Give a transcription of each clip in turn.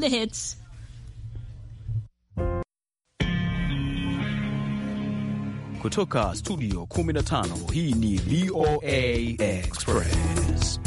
The hits. Kutoka studio 15 hii ni VOA Express.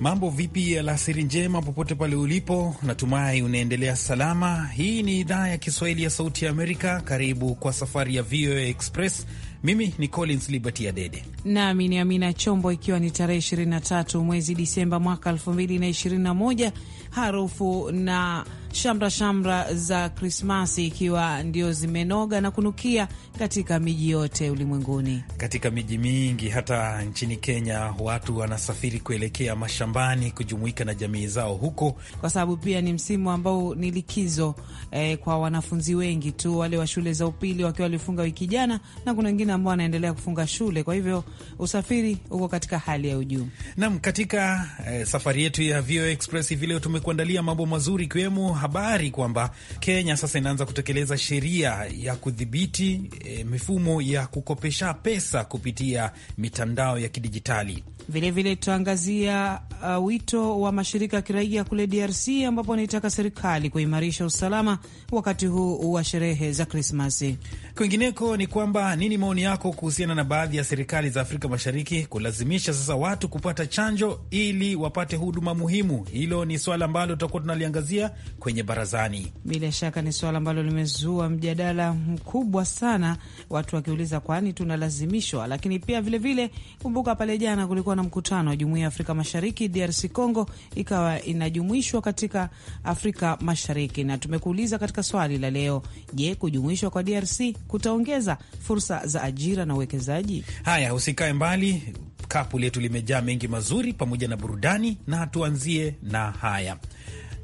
Mambo vipi ya alasiri njema popote pale ulipo, natumai unaendelea salama. Hii ni idhaa ya Kiswahili ya Sauti ya Amerika. Karibu kwa safari ya VOA Express mimi ni Collins Liberty Adede nami ni Amina Chombo, ikiwa ni tarehe 23 mwezi Disemba mwaka 2021 harufu na shamra shamra za Krismasi ikiwa ndio zimenoga na kunukia katika miji yote ulimwenguni. Katika miji mingi, hata nchini Kenya, watu wanasafiri kuelekea mashambani kujumuika na jamii zao huko, kwa sababu pia ni msimu ambao ni likizo eh, kwa wanafunzi wengi tu, wale wa shule za upili wakiwa walifunga wiki jana, na kuna wengine ambao wanaendelea kufunga shule. Kwa hivyo usafiri uko katika hali ya ujuu. Naam, katika eh, safari yetu ya VOA Express hivi leo tumekuandalia mambo mazuri ikiwemo habari kwamba Kenya sasa inaanza kutekeleza sheria ya kudhibiti e, mifumo ya kukopesha pesa kupitia mitandao ya kidijitali. Vilevile tutaangazia uh, wito wa mashirika ya kiraia kule DRC ambapo wanaitaka serikali kuimarisha usalama wakati huu wa sherehe za Krismasi. Kwingineko ni kwamba nini maoni yako kuhusiana na baadhi ya serikali za Afrika Mashariki kulazimisha sasa watu kupata chanjo ili wapate huduma muhimu? Hilo ni swala ambalo tutakuwa tunaliangazia kwenye barazani. Bila shaka ni swala ambalo limezua mjadala mkubwa sana, watu wakiuliza kwani tunalazimishwa? Lakini pia vilevile, kumbuka pale jana kulikuwa na mkutano wa Jumuiya ya Afrika Mashariki, DRC Congo ikawa inajumuishwa katika Afrika Mashariki, na tumekuuliza katika swali la leo, je, kujumuishwa kwa DRC kutaongeza fursa za ajira na uwekezaji. Haya, usikae mbali, kapu letu limejaa mengi mazuri pamoja na burudani, na tuanzie na haya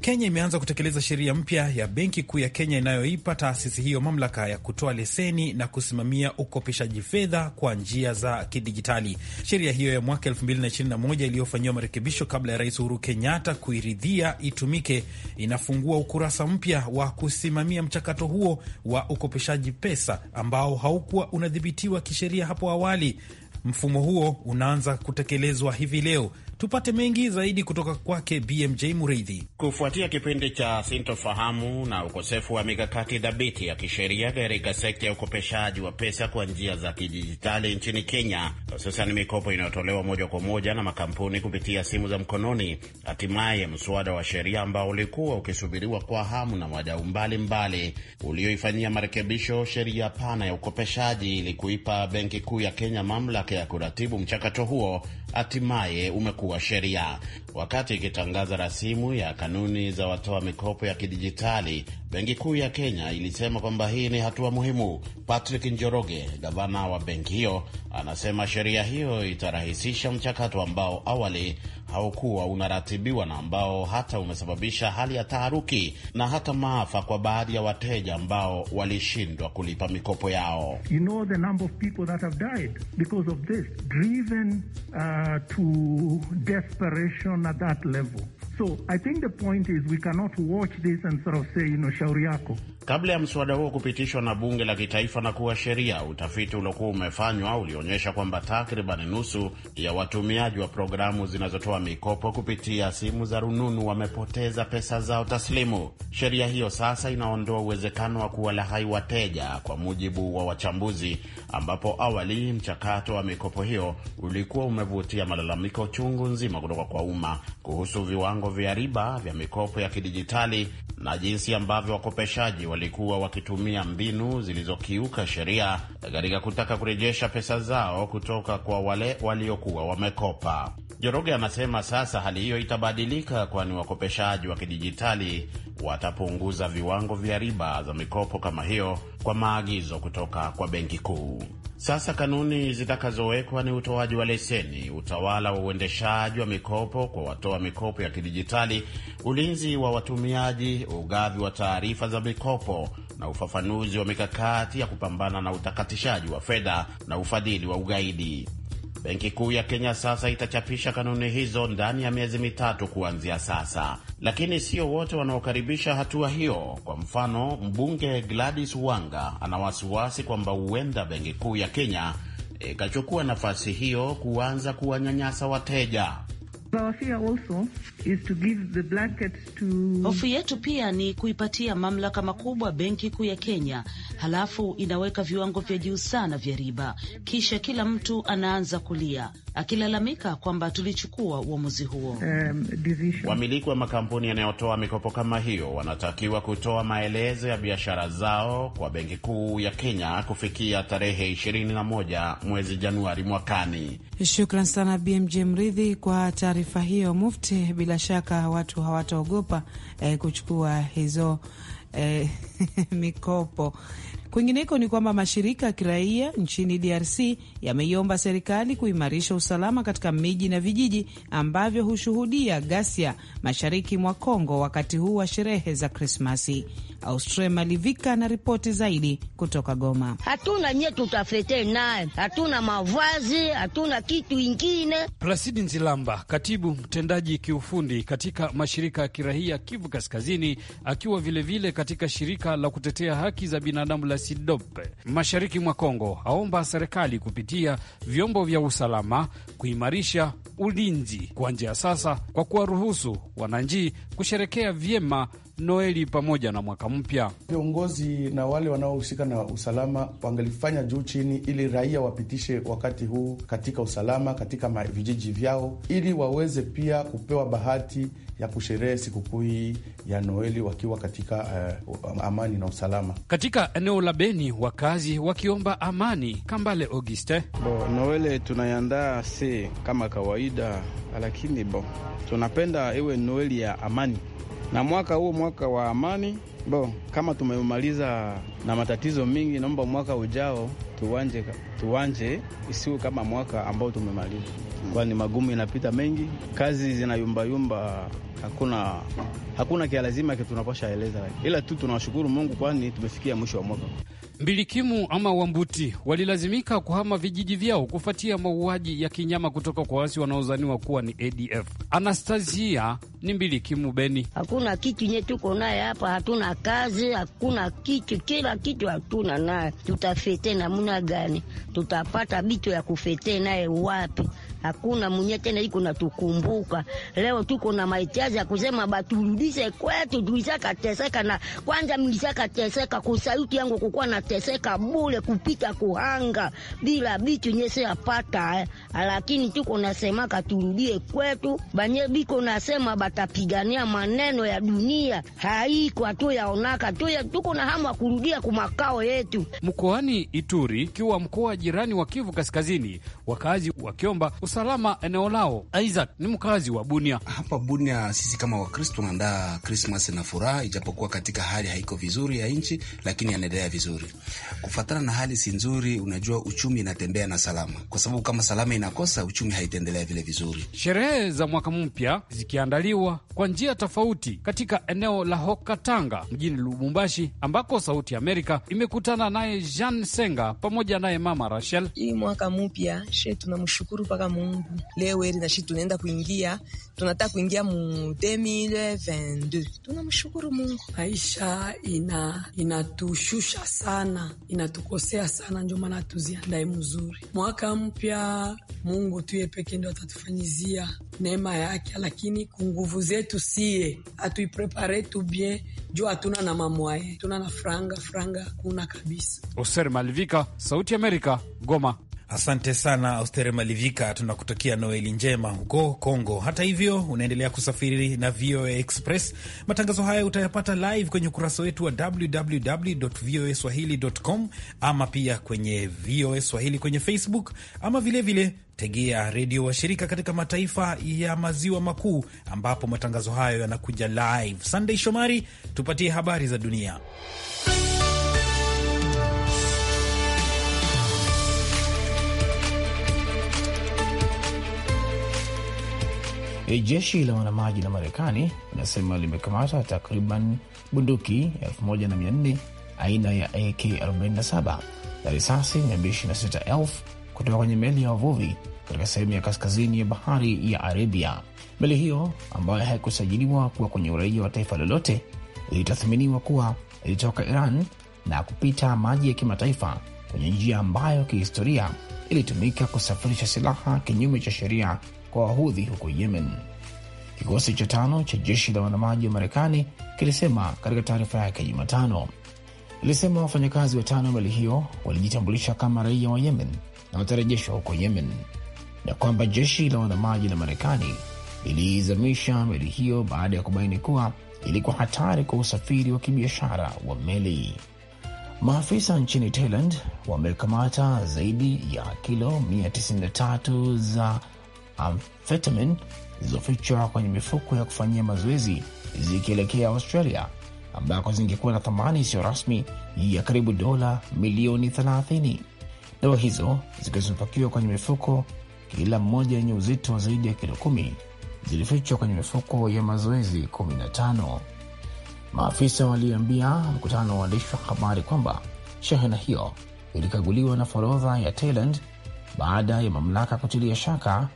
Kenya imeanza kutekeleza sheria mpya ya Benki Kuu ya Kenya inayoipa taasisi hiyo mamlaka ya kutoa leseni na kusimamia ukopeshaji fedha kwa njia za kidijitali. Sheria hiyo ya mwaka 2021 iliyofanyiwa marekebisho kabla ya Rais Uhuru Kenyatta kuiridhia itumike, inafungua ukurasa mpya wa kusimamia mchakato huo wa ukopeshaji pesa ambao haukuwa unadhibitiwa kisheria hapo awali. Mfumo huo unaanza kutekelezwa hivi leo Tupate mengi zaidi kutoka kwake BMJ Muridhi. Kufuatia kipindi cha sintofahamu na ukosefu wa mikakati dhabiti ya kisheria katika sekta ya ukopeshaji wa pesa kwa njia za kidijitali nchini Kenya, hususan mikopo inayotolewa moja kwa moja na makampuni kupitia simu za mkononi, hatimaye mswada wa sheria ambao ulikuwa ukisubiriwa kwa hamu na wadau mbalimbali ulioifanyia marekebisho sheria pana ya ukopeshaji ili kuipa Benki Kuu ya Kenya mamlaka ya kuratibu mchakato huo, hatimaye umeku kuwa wa sheria wakati ikitangaza rasimu ya kanuni za watoa mikopo ya kidijitali Benki Kuu ya Kenya ilisema kwamba hii ni hatua muhimu. Patrick Njoroge, gavana wa benki hiyo, anasema sheria hiyo itarahisisha mchakato ambao awali haukuwa unaratibiwa na ambao hata umesababisha hali ya taharuki na hata maafa kwa baadhi ya wateja ambao walishindwa kulipa mikopo yao. You know the number of people that have died because of this driven uh, to desperation at that level So I think the point is we cannot watch this and sort of say, you know, shauri yako. Kabla ya mswada huo kupitishwa na bunge la kitaifa na kuwa sheria, utafiti uliokuwa umefanywa ulionyesha kwamba takriban nusu ya watumiaji wa programu zinazotoa mikopo kupitia simu za rununu wamepoteza pesa zao taslimu. Sheria hiyo sasa inaondoa uwezekano wa kuwalaghai wateja, kwa mujibu wa wachambuzi, ambapo awali mchakato wa mikopo hiyo ulikuwa umevutia malalamiko chungu nzima kutoka kwa umma kuhusu viwango viwango vya riba vya mikopo ya kidijitali na jinsi ambavyo wakopeshaji walikuwa wakitumia mbinu zilizokiuka sheria katika kutaka kurejesha pesa zao kutoka kwa wale waliokuwa wamekopa. Joroge anasema sasa hali hiyo itabadilika, kwani wakopeshaji wa kidijitali watapunguza viwango vya riba za mikopo kama hiyo kwa maagizo kutoka kwa Benki Kuu. Sasa kanuni zitakazowekwa ni utoaji wa leseni, utawala wa uendeshaji wa mikopo kwa watoa mikopo ya kidijitali, ulinzi wa watumiaji, ugavi wa taarifa za mikopo na ufafanuzi wa mikakati ya kupambana na utakatishaji wa fedha na ufadhili wa ugaidi. Benki Kuu ya Kenya sasa itachapisha kanuni hizo ndani ya miezi mitatu kuanzia sasa, lakini sio wote wanaokaribisha hatua hiyo. Kwa mfano, mbunge Gladys Wanga ana wasiwasi kwamba huenda Benki Kuu ya Kenya ikachukua nafasi hiyo kuanza kuwanyanyasa wateja. Hofu yetu pia ni kuipatia mamlaka makubwa benki kuu ya Kenya, halafu inaweka viwango vya juu sana vya riba, kisha kila mtu anaanza kulia akilalamika kwamba tulichukua uamuzi huo. Um, wamiliki wa makampuni yanayotoa mikopo kama hiyo wanatakiwa kutoa maelezo ya biashara zao kwa Benki Kuu ya Kenya kufikia tarehe 21 mwezi Januari mwakani. Shukran sana BMJ Mridhi kwa taarifa hiyo Mufti. Bila shaka watu hawataogopa eh, kuchukua hizo eh, mikopo Kwingineko ni kwamba mashirika ya kiraia nchini DRC yameiomba serikali kuimarisha usalama katika miji na vijiji ambavyo hushuhudia ghasia mashariki mwa Kongo wakati huu wa sherehe za Krismasi. Austria Malivika na ripoti zaidi kutoka Goma. Hatuna mie tutafete naye, hatuna mavazi, hatuna kitu ingine. Plasidi Nzilamba, katibu mtendaji kiufundi katika mashirika ya kiraia Kivu Kaskazini, akiwa vilevile vile katika shirika la kutetea haki za binadamu la Sidope mashariki mwa Kongo aomba serikali kupitia vyombo vya usalama kuimarisha ulinzi kwa njia sasa kwa kuwaruhusu wananchi kusherekea vyema Noeli pamoja na mwaka mpya. Viongozi na wale wanaohusika na usalama wangelifanya juu chini, ili raia wapitishe wakati huu katika usalama katika vijiji vyao, ili waweze pia kupewa bahati ya kusherehe sikukuu hii ya Noeli wakiwa katika uh, amani na usalama. Katika eneo la Beni wakazi wakiomba amani. Kambale Auguste: bo Noeli tunaiandaa si kama kawaida, lakini bo tunapenda iwe Noeli ya amani, na mwaka huo mwaka wa amani Bo, kama tumemaliza na matatizo mingi, naomba mwaka ujao tuwanje, tuwanje isiwe kama mwaka ambao tumemaliza, kwani magumu inapita mengi, kazi zinayumbayumba hakuna hakuna kia lazima tunapasha eleza, ila tu tunawashukuru Mungu kwani tumefikia mwisho wa mwaka. Mbilikimu ama Wambuti walilazimika kuhama vijiji vyao kufuatia mauaji ya kinyama kutoka kwa wasi wanaozaniwa kuwa ni ADF. Anastasia ni mbilikimu Beni. Hakuna kitu nye tuko naye hapa, hatuna kazi, hakuna kitu, kila kitu hatuna naye. Tutafete namuna gani? Tutapata bitu ya kufete naye wapi? hakuna mwenye tena iko na tukumbuka. Leo tuko na mahitaji ya kusema baturudishe kwetu, tulisaka teseka na kwanza mlisaka teseka kusauti yangu kukuwa na teseka bule kupita kuhanga bila bitu nyese apata eh. Lakini tuko nasema katurudie kwetu, banye biko nasema batapigania maneno ya dunia haiko tu tu ya, tuko na hamu ya kurudia kumakao yetu mkoani Ituri, kiwa mkoa jirani wa Kivu Kaskazini, wakazi wakiomba usalama eneo lao. Isaac ni mkazi wa Bunia. Hapa Bunia sisi kama Wakristo tunaandaa Krismas na furaha, ijapokuwa katika hali haiko vizuri ya nchi, lakini yanaendelea vizuri Kufuatana na hali si nzuri. Unajua uchumi inatembea na salama, kwa sababu kama salama inakosa uchumi haitaendelea vile vizuri. Sherehe za mwaka mpya zikiandaliwa kwa njia tofauti katika eneo la Hokatanga mjini Lubumbashi, ambako Sauti ya Amerika imekutana naye Jean Senga pamoja naye mama Rachel. Hii mwaka mpya she tunamshukuru mpaka Mungu. Leo eli na shii tunaenda kuingia, tunataka kuingia mu 2022. Tunamshukuru Mungu. Maisha ina inatushusha sana, inatukosea sana, ndio maana tuziandae mzuri. Mwaka mpya Mungu tuye peke ndio atatufanyizia neema yake, lakini ku nguvu zetu sie atuiprepare tu bien juu hatuna na mamwaye, tuna na franga franga kuna kabisa. Oser Malvika, Sauti Amerika, Goma. Asante sana Austere Malivika, tunakutakia Noeli njema huko congo Hata hivyo, unaendelea kusafiri na VOA Express. Matangazo haya utayapata live kwenye ukurasa wetu wa www voa swahili.com, ama pia kwenye VOA Swahili kwenye Facebook, ama vilevile vile tegea redio washirika katika mataifa ya maziwa makuu, ambapo matangazo hayo yanakuja live. Sandey Shomari, tupatie habari za dunia. E, jeshi la wanamaji la Marekani linasema limekamata takriban bunduki 1400 aina ya AK47 na risasi 226,000 kutoka kwenye meli ya wavuvi katika sehemu ya kaskazini ya bahari ya Arabia. Meli hiyo ambayo haikusajiliwa kuwa kwenye uraia wa taifa lolote ilitathminiwa kuwa ilitoka Iran na kupita maji ya kimataifa kwenye njia ambayo kihistoria ilitumika kusafirisha silaha kinyume cha sheria kwa wahudhi huko Yemen. Kikosi cha tano cha jeshi la wanamaji wa Marekani kilisema katika taarifa yake Jumatano, ilisema wafanyakazi watano wa meli hiyo walijitambulisha kama raia wa Yemen na watarejeshwa huko Yemen, na kwamba jeshi la wanamaji la Marekani liliizamisha meli hiyo baada ya kubaini kuwa ilikuwa hatari kwa usafiri wa kibiashara wa meli. Maafisa nchini Thailand wamekamata zaidi ya kilo 193 za amfetamin zilizofichwa kwenye mifuko ya kufanyia mazoezi zikielekea Australia ambako zingekuwa na thamani isiyo rasmi ya karibu dola milioni 30. Dawa hizo zikiwa zimepakiwa kwenye mifuko, kila mmoja yenye uzito wa zaidi ya kilo kumi, zilifichwa kwenye mifuko ya mazoezi 15. Maafisa waliambia mkutano wa waandishi wa habari kwamba shehena hiyo ilikaguliwa na forodha ya Thailand baada ya mamlaka kutilia shaka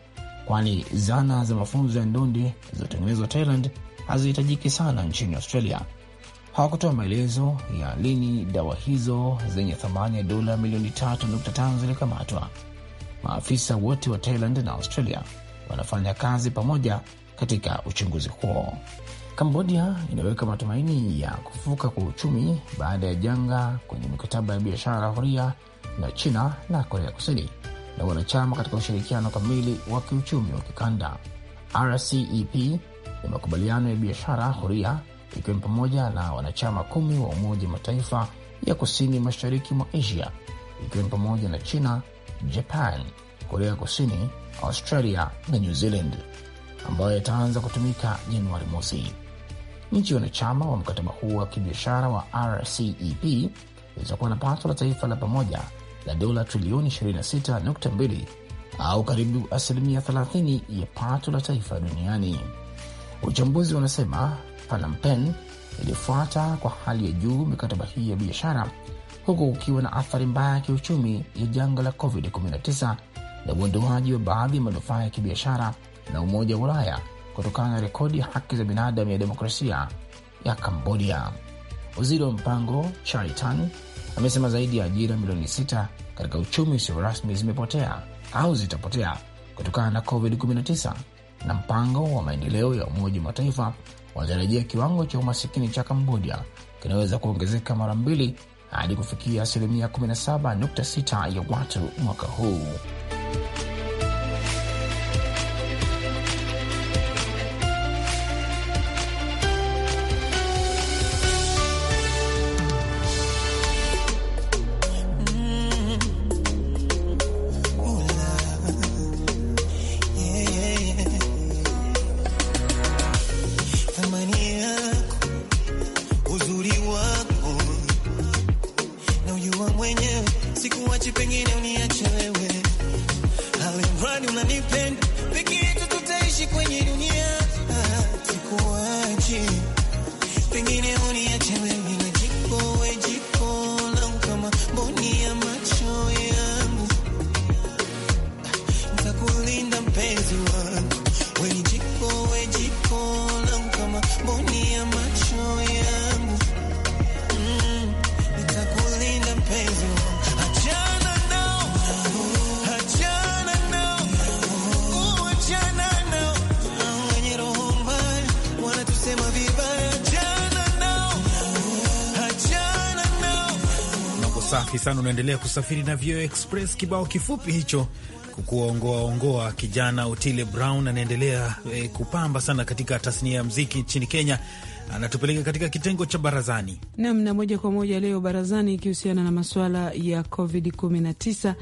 kwani zana za mafunzo ya ndondi zilizotengenezwa Thailand hazihitajiki sana nchini Australia. Hawakutoa maelezo ya lini dawa hizo zenye thamani ya dola milioni 3.5 zilikamatwa. Maafisa wote wa Thailand na Australia wanafanya kazi pamoja katika uchunguzi huo. Kambodia inaweka matumaini ya kufufuka kwa uchumi baada ya janga kwenye mikataba ya biashara huria na China na Korea Kusini na wanachama katika ushirikiano kamili wa kiuchumi wa kikanda. RCEP ni makubaliano ya biashara huria, ikiwa ni pamoja na wanachama kumi wa Umoja wa Mataifa ya kusini mashariki mwa Asia, ikiwa ni pamoja na China, Japan, Korea Kusini, Australia na New Zealand, ambayo yataanza kutumika Januari mosi. Nchi wanachama wa mkataba huu wa kibiashara wa RCEP zitakuwa na pato la taifa la pamoja la dola trilioni 26.2 au karibu asilimia 30 ya pato la taifa duniani. Uchambuzi wanasema Phnom Penh ilifuata kwa hali ya juu mikataba hii ya biashara, huku kukiwa na athari mbaya ya kiuchumi ya janga la COVID-19 na uondoaji wa baadhi ya manufaa ya kibiashara na Umoja wa Ulaya kutokana na rekodi ya haki za binadamu ya demokrasia ya Kambodia. Waziri wa mpango Chai Tan amesema zaidi ya ajira milioni sita katika uchumi usio rasmi zimepotea au zitapotea kutokana na COVID-19 na mpango wa maendeleo ya Umoja wa Mataifa wanatarajia kiwango cha umasikini cha Kambodia kinaweza kuongezeka mara mbili hadi kufikia asilimia 17.6 ya watu mwaka huu. sikuachi, pengine uniache wewe, alimradi unanipenda, peke yetu tutaishi kwenye dunia sana unaendelea kusafiri na VOA Express. Kibao kifupi hicho ongoa. kijana Otile Brown anaendelea e, kupamba sana katika tasnia ya mziki nchini Kenya. Anatupeleka katika kitengo cha barazani nam na moja kwa moja leo barazani, ikihusiana na masuala ya Covid 19.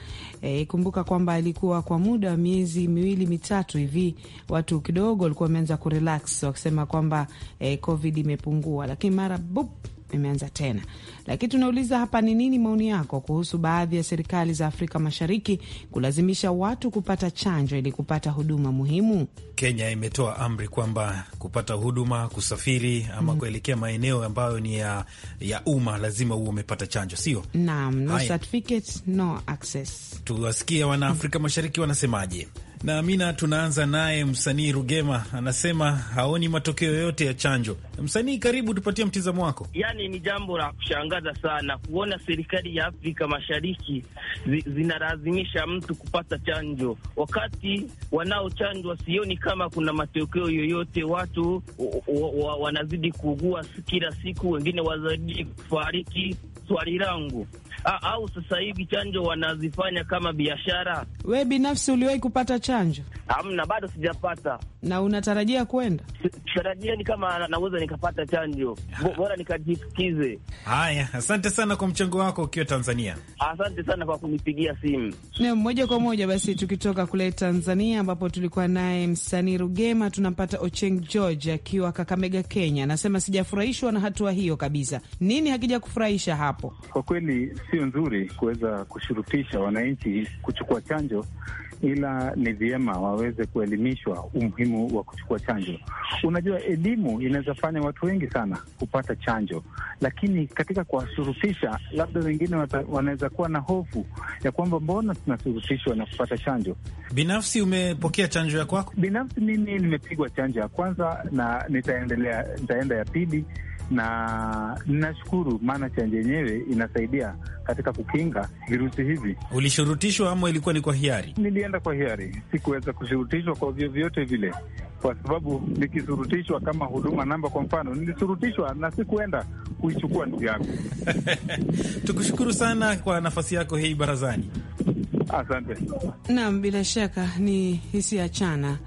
E, eh, kumbuka kwamba alikuwa kwa muda wa miezi miwili mitatu hivi watu kidogo walikuwa wameanza kurelax wakisema kwamba e, Covid imepungua, lakini mara bup imeanza tena, lakini tunauliza hapa, ni nini maoni yako kuhusu baadhi ya serikali za Afrika Mashariki kulazimisha watu kupata chanjo ili kupata huduma muhimu? Kenya imetoa amri kwamba kupata huduma, kusafiri ama mm -hmm. kuelekea maeneo ambayo ni ya, ya umma lazima huo umepata chanjo, sio naam, no certificate, no access. Tuwasikie Wanaafrika Mashariki wanasemaje? na Amina, tunaanza naye msanii Rugema anasema haoni matokeo yote ya chanjo. Msanii, karibu tupatie mtizamo wako. Yaani ni jambo la kushangaza sana kuona serikali ya Afrika Mashariki zi, zinalazimisha mtu kupata chanjo, wakati wanaochanjwa sioni kama kuna matokeo yoyote. Watu wanazidi kuugua kila siku, wengine wazidi kufariki. Swali langu au sasa hivi chanjo wanazifanya kama biashara? We binafsi uliwahi kupata chanjo? Hamna, bado sijapata. Na unatarajia kwenda? Tarajia ni kama naweza nikapata chanjo, bora nikajisikize. Haya, asante sana kwa mchango wako ukiwa Tanzania. Asante sana kwa kunipigia simu. Na moja kwa moja basi tukitoka kule Tanzania ambapo tulikuwa naye msanii Rugema, tunampata Ocheng George akiwa Kakamega, Kenya. Anasema sijafurahishwa na hatua hiyo kabisa. Nini hakija kufurahisha hapo? Kwa kweli si sio nzuri kuweza kushurutisha wananchi kuchukua chanjo, ila ni vyema waweze kuelimishwa umuhimu wa kuchukua chanjo. Unajua, elimu inaweza fanya watu wengi sana kupata chanjo, lakini katika kuwashurutisha, labda wengine wanaweza kuwa na hofu ya kwamba mbona tunashurutishwa na kupata chanjo. Binafsi umepokea chanjo ya kwako? Binafsi mimi nimepigwa chanjo ya kwanza na nitaendelea, nitaenda ya pili na ninashukuru, maana chanjo yenyewe inasaidia katika kukinga virusi hivi. Ulishurutishwa ama ilikuwa ni kwa hiari? Nilienda kwa hiari, sikuweza kushurutishwa kwa vyo vyote vile, kwa sababu nikishurutishwa kama huduma namba, kwa mfano, nilishurutishwa na sikuenda kuichukua ndugu yangu. Tukushukuru sana kwa nafasi yako hii barazani, asante. Naam, bila shaka ni hisia chana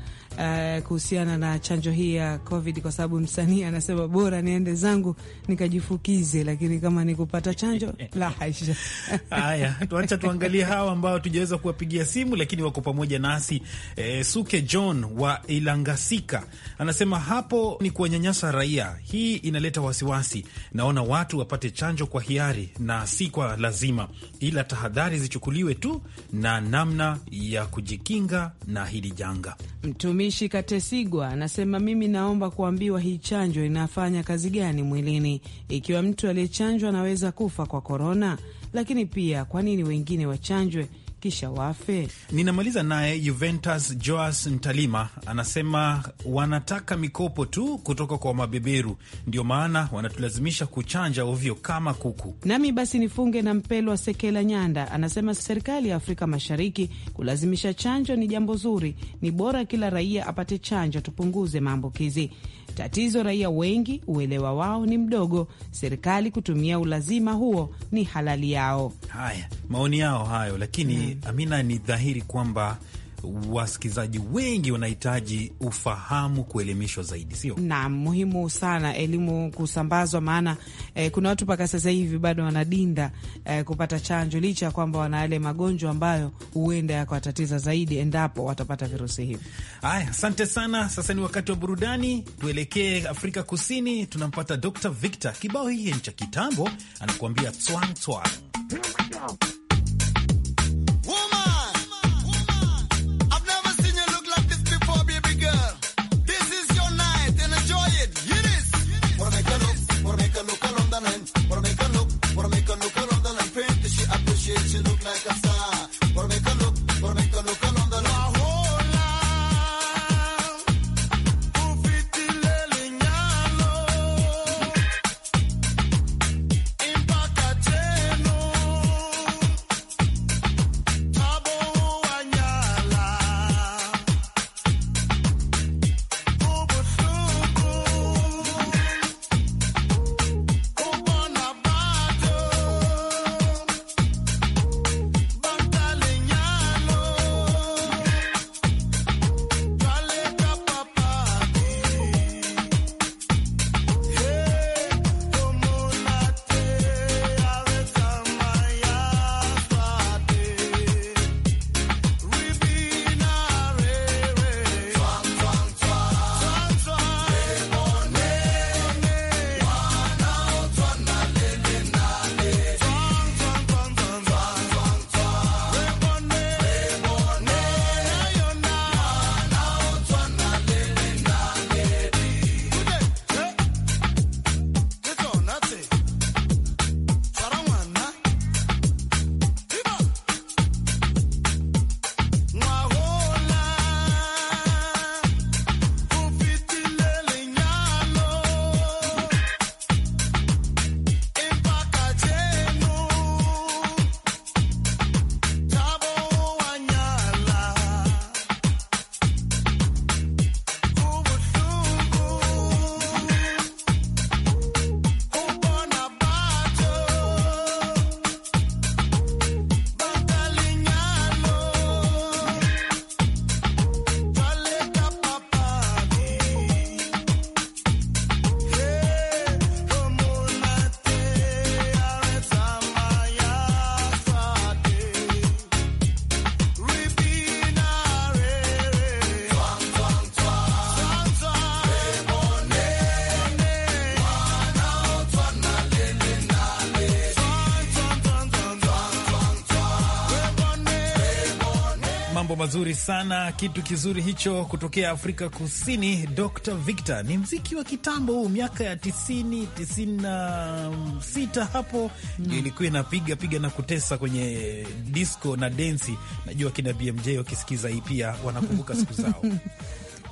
Eh, kuhusiana na chanjo hii ya COVID kwa sababu msanii anasema bora niende zangu nikajifukize, lakini kama kupata chanjo la haisha. Haya, tuacha tuangalie hawa ambao tujaweza kuwapigia simu, lakini wako pamoja nasi. E, Suke John wa Ilangasika anasema hapo ni kuwanyanyasa raia, hii inaleta wasiwasi. Naona watu wapate chanjo kwa hiari na si kwa lazima, ila tahadhari zichukuliwe tu na namna ya kujikinga na hili janga Mtumi Mwandishi Katesigwa anasema mimi naomba kuambiwa hii chanjo inafanya kazi gani mwilini, ikiwa mtu aliyechanjwa anaweza kufa kwa korona, lakini pia kwa nini wengine wachanjwe kisha wafe. Ninamaliza naye Juventus Joas Ntalima anasema wanataka mikopo tu kutoka kwa mabeberu, ndio maana wanatulazimisha kuchanja ovyo kama kuku. Nami basi nifunge na Mpelwa Sekela Nyanda anasema serikali ya Afrika Mashariki kulazimisha chanjo ni jambo zuri, ni bora kila raia apate chanjo, tupunguze maambukizi. Tatizo raia wengi uelewa wao ni mdogo, serikali kutumia ulazima huo ni halali yao. Haya maoni yao hayo, lakini mm, Amina, ni dhahiri kwamba wasikilizaji wengi wanahitaji ufahamu, kuelimishwa zaidi, sio naam? Muhimu sana elimu kusambazwa, maana eh, kuna watu mpaka sasa hivi bado wanadinda eh, kupata chanjo licha ya kwamba wana yale magonjwa ambayo huenda yakawatatiza zaidi endapo watapata virusi hivi. Haya, asante sana. Sasa ni wakati wa burudani, tuelekee Afrika Kusini. Tunampata Dr Victor, kibao hii ni cha kitambo, anakuambia twang twang mambo mazuri sana, kitu kizuri hicho kutokea Afrika Kusini. Dr Victor, ni mziki wa kitambo huu, miaka ya tisini, tisini na sita hapo mm. ndio ilikuwa inapiga piga na kutesa kwenye disco na densi. Najua kina BMJ wakisikiza hii pia wanakumbuka siku zao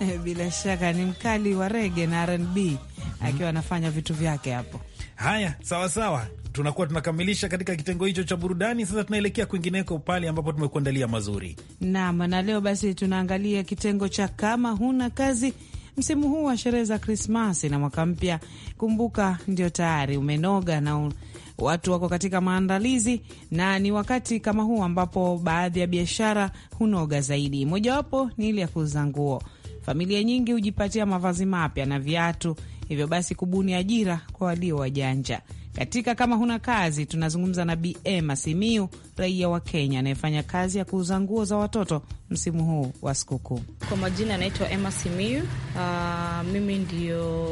Eh, bila shaka ni mkali wa rege na RnB mm -hmm. akiwa anafanya vitu vyake hapo. Haya, sawa sawa, tunakuwa tunakamilisha katika kitengo hicho cha burudani. Sasa tunaelekea kwingineko, pale ambapo tumekuandalia mazuri nam. Na leo basi tunaangalia kitengo cha kama huna kazi msimu huu wa sherehe za Krismasi na mwaka mpya. Kumbuka ndio tayari umenoga na un... watu wako katika maandalizi, na ni wakati kama huu ambapo baadhi ya biashara hunoga zaidi. Mojawapo ni ile ya kuuza nguo Familia nyingi hujipatia mavazi mapya na viatu, hivyo basi kubuni ajira kwa walio wajanja. Katika kama huna kazi, tunazungumza na BM Masimiu, raia wa Kenya anayefanya kazi ya kuuza nguo za watoto msimu huu wa sikukuu. Kwa majina anaitwa Emma Simiu. Uh, ah, mimi ndiyo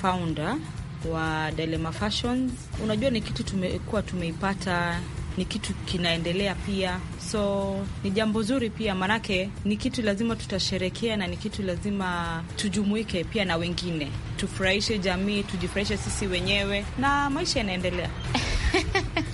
founder wa Delema Fashions. Unajua ni kitu tumekuwa tumeipata ni kitu kinaendelea pia, so ni jambo zuri pia, maanake ni kitu lazima tutasherekea na ni kitu lazima tujumuike pia na wengine, tufurahishe jamii, tujifurahishe sisi wenyewe na maisha yanaendelea.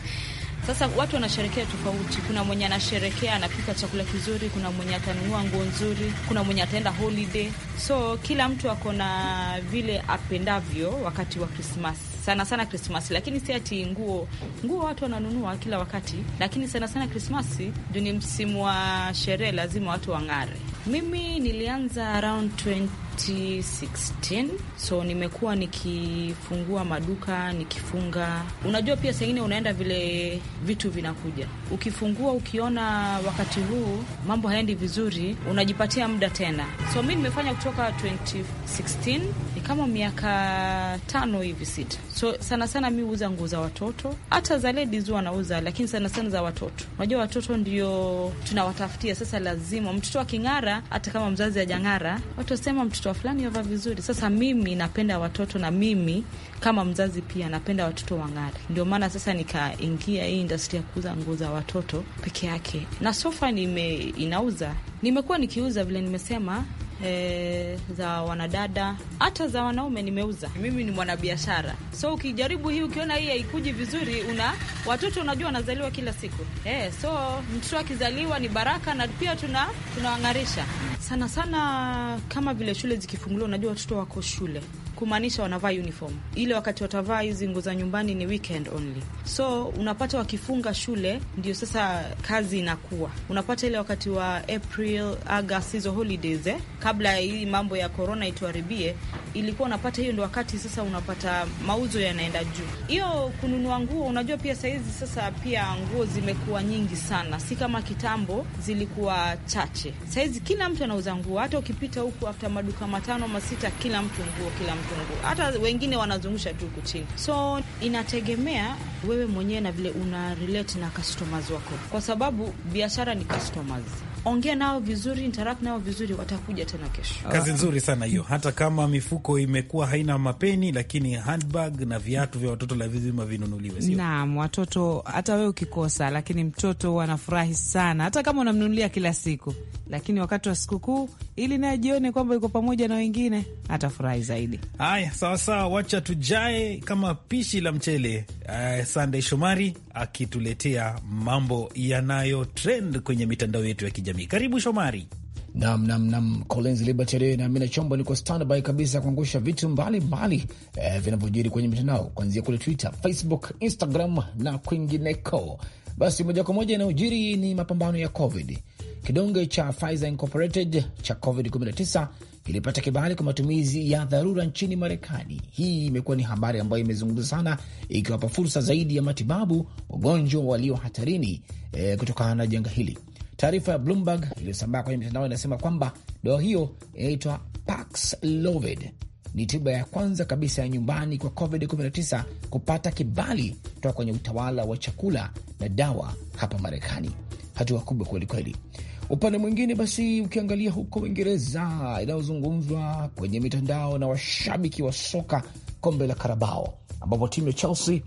Sasa watu wanasherekea tofauti. Kuna mwenye anasherekea anapika chakula kizuri, kuna mwenye atanunua nguo nzuri, kuna mwenye ataenda holiday. So kila mtu ako na vile apendavyo wakati wa Krismasi sana sana Krismasi, lakini si ati nguo. Nguo watu wananunua kila wakati, lakini sana sana Krismasi ndio ni msimu wa sherehe, lazima watu wang'are. Mimi nilianza around 2016 so nimekuwa nikifungua maduka nikifunga. Unajua pia sengine unaenda vile vitu vinakuja, ukifungua ukiona wakati huu mambo haendi vizuri, unajipatia muda tena. So mi nimefanya kutoka 2016 ni kama miaka tano hivi sita. So sana sana mi huuza nguo za watoto, hata za ladies wanauza, lakini sana sana za watoto. Unajua watoto ndio tunawatafutia sasa, lazima mtoto aking'ara hata kama mzazi ajang'ara, watu wasema mtoto wa fulani yava vizuri. Sasa mimi napenda watoto na mimi kama mzazi pia napenda watoto wang'ari. ndio maana sasa nikaingia hii industry ya kuuza nguo za watoto peke yake, na sofa nime inauza, nimekuwa nikiuza vile nimesema e, za wanadada hata za wanaume nimeuza. Mimi ni mwanabiashara, so ukijaribu hii, ukiona hii haikuji vizuri, una watoto unajua wanazaliwa kila siku e, so mtoto akizaliwa ni baraka, na pia tuna tunawang'arisha sana sana, kama vile shule zikifunguliwa, unajua watoto wako shule kumaanisha wanavaa uniform ile, wakati watavaa hizi nguo za nyumbani ni weekend only. So unapata wakifunga shule, ndio sasa kazi inakuwa unapata ile wakati wa April, August, hizo holidays eh, kabla hii mambo ya corona ituharibie ilikuwa unapata hiyo, ndo wakati sasa unapata mauzo yanaenda juu. Hiyo kununua nguo, unajua pia sahizi sasa pia nguo zimekuwa nyingi sana, si kama kitambo zilikuwa chache. Sahizi kila mtu anauza nguo, hata ukipita huku afta maduka matano masita, kila mtu nguo, kila mtu nguo, hata wengine wanazungusha tu huku chini. So inategemea wewe mwenyewe na vile una relate na customers wako, kwa sababu biashara ni customers ongea nao vizuri, interact nao vizuri, watakuja tena kesho. Kazi nzuri sana hiyo. Hata kama mifuko imekuwa haina mapeni, lakini handbag na viatu vya watoto lazima vinunuliwe, sio? Naam, watoto hata wewe ukikosa, lakini mtoto anafurahi sana, hata kama unamnunulia kila siku, lakini wakati wa sikukuu, ili naye jione kwamba yuko pamoja na wengine, atafurahi zaidi. Haya, sawasawa, wacha tujae kama pishi la mchele Uh, eh, Sandey Shomari akituletea mambo yanayo trend kwenye mitandao yetu ya kijamii. Karibu Shomari. Nam nam nam, Collins Liberty na Amina Chombo niko standby kabisa kuangusha vitu mbalimbali eh, vinavyojiri kwenye mitandao kuanzia kule Twitter, Facebook, Instagram na kwingineko. Basi moja kwa moja inayojiri ni mapambano ya COVID. Kidonge cha Pfizer Incorporated cha COVID-19 kilipata kibali kwa matumizi ya dharura nchini Marekani. Hii imekuwa ni habari ambayo imezungumza sana, ikiwapa fursa zaidi ya matibabu wagonjwa walio hatarini e, kutokana na janga hili. Taarifa ya Bloomberg iliyosambaa kwenye mitandao inasema kwamba dawa hiyo inaitwa Paxlovid ni tiba ya kwanza kabisa ya nyumbani kwa COVID-19 kupata kibali kutoka kwenye utawala wa chakula na dawa hapa Marekani. Hatua kubwa kwelikweli. Upande mwingine basi, ukiangalia huko Uingereza inayozungumzwa kwenye mitandao na washabiki wa soka, kombe la Karabao, ambapo timu ya Chelsea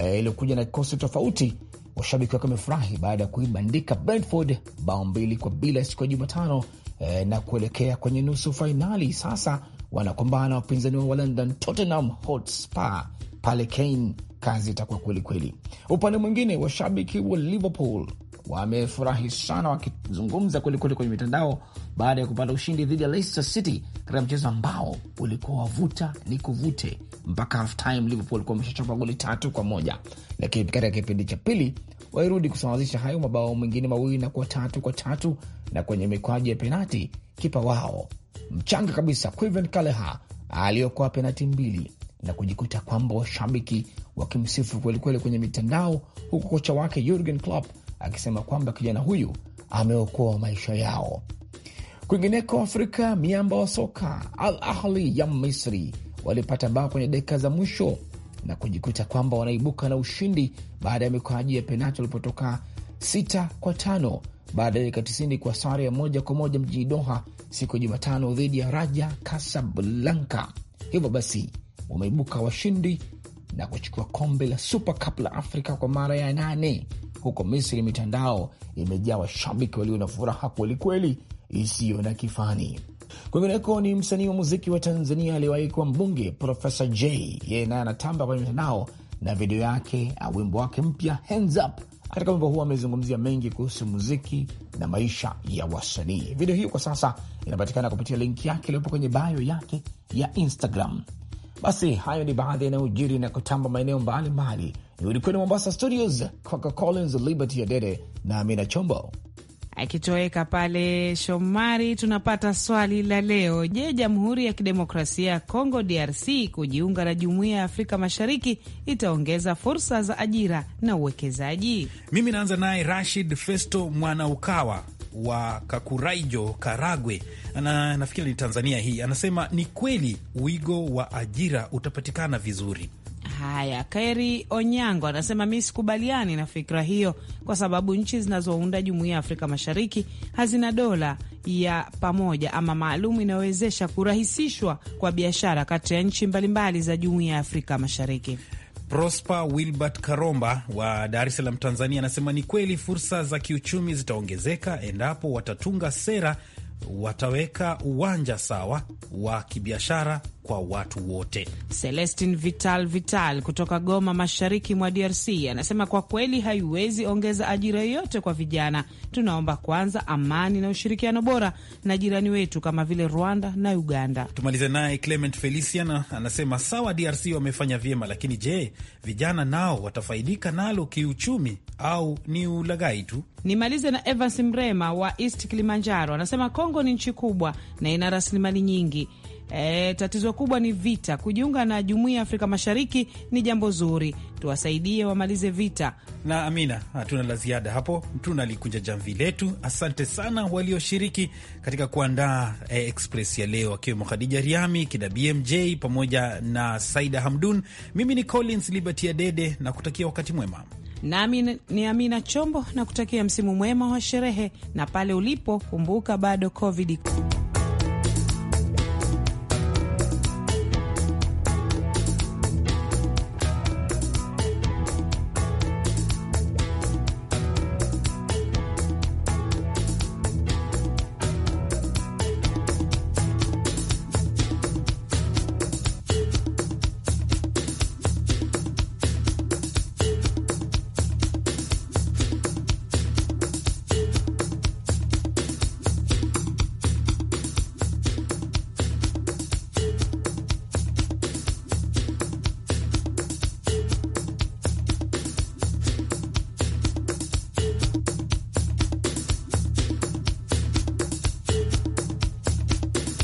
eh, iliyokuja na kikosi tofauti, washabiki wake wamefurahi baada ya kuibandika Brentford bao mbili kwa bila siku ya Jumatano eh, na kuelekea kwenye nusu fainali. Sasa wanakombana na wapinzani wa London Tottenham Hotspur pale Kane, kazi itakuwa kwelikweli. Upande mwingine washabiki wa Liverpool wamefurahi sana wakizungumza kwelikweli kwenye mitandao baada ya kupata ushindi dhidi ya Leicester City katika mchezo ambao ulikuwa wavuta ni kuvute mpaka halftime. Liverpool walikuwa wameshachapa goli tatu kwa moja, lakini katika kipindi cha pili wairudi kusawazisha hayo mabao mengine mawili na kuwa tatu kwa tatu, na kwenye mikwaji ya penati kipa wao mchanga kabisa Quiven Kaleha aliyokoa penati mbili na kujikuta kwamba washabiki wakimsifu kwelikweli kwenye mitandao, huku kocha wake Jurgen Klopp akisema kwamba kijana huyu ameokoa maisha yao. Kwingineko Afrika, miamba wa soka Al Ahli ya Misri walipata bao kwenye dakika za mwisho na kujikuta kwamba wanaibuka na ushindi baada ya mikoaji ya penati walipotoka sita kwa tano baada ya dakika tisini kwa sare ya moja kwa moja mjini Doha siku ya Jumatano dhidi ya Raja Kasablanka. Hivyo basi wameibuka washindi na kuchukua kombe la Super Cup la Afrika kwa mara ya nane huko Misri. Mitandao imejaa washabiki walio na furaha kwelikweli isiyo na kifani. Kwingineko ni msanii wa muziki wa Tanzania aliyewahi kuwa mbunge Profesa J, yeye naye anatamba kwenye mitandao na video yake au wimbo wake mpya Hands Up. Katika wimbo huo amezungumzia mengi kuhusu muziki na maisha ya wasanii. Video hiyo kwa sasa inapatikana kupitia linki yake iliyopo kwenye bayo yake ya Instagram. Basi hayo ni baadhi yanayojiri na kutamba maeneo mbalimbali. Ni kwenu Mombasa studios kwaka Collins Liberty Adede na Amina Chombo akitoweka pale Shomari, tunapata swali la leo. Je, Jamhuri ya Kidemokrasia ya Kongo DRC kujiunga na Jumuiya ya Afrika Mashariki itaongeza fursa za ajira na uwekezaji? Mimi naanza naye Rashid Festo Mwanaukawa wa Kakuraijo, Karagwe na nafikiri ni Tanzania hii, anasema ni kweli wigo wa ajira utapatikana vizuri. Haya, Kairi Onyango anasema mi sikubaliani na fikra hiyo, kwa sababu nchi zinazounda jumuiya ya Afrika Mashariki hazina dola ya pamoja ama maalum inayowezesha kurahisishwa kwa biashara kati ya nchi mbalimbali za jumuiya ya Afrika Mashariki. Prosper Wilbert Karomba wa Dar es Salaam, Tanzania, anasema ni kweli fursa za kiuchumi zitaongezeka endapo watatunga sera, wataweka uwanja sawa wa kibiashara kwa watu wote. Celestin Vital Vital kutoka Goma, mashariki mwa DRC, anasema kwa kweli haiwezi ongeza ajira yoyote kwa vijana. Tunaomba kwanza amani na ushirikiano bora na jirani wetu kama vile Rwanda na Uganda. Tumalize naye Clement Felician anasema sawa, DRC wamefanya vyema, lakini je, vijana nao watafaidika nalo kiuchumi au ni ulaghai tu? Nimalize na Evans Mrema wa East Kilimanjaro anasema Kongo ni nchi kubwa na ina rasilimali nyingi E, tatizo kubwa ni vita. Kujiunga na jumuiya ya Afrika Mashariki ni jambo zuri, tuwasaidie wamalize vita. Na Amina, hatuna la ziada hapo, tunalikunja jamvi letu. Asante sana walioshiriki katika kuandaa e, Express ya leo, akiwemo Khadija Riami, kina BMJ pamoja na Saida Hamdun. Mimi ni Collins Liberty Adede na kutakia wakati mwema nami ni Amina Chombo na kutakia msimu mwema wa sherehe, na pale ulipo kumbuka bado COVID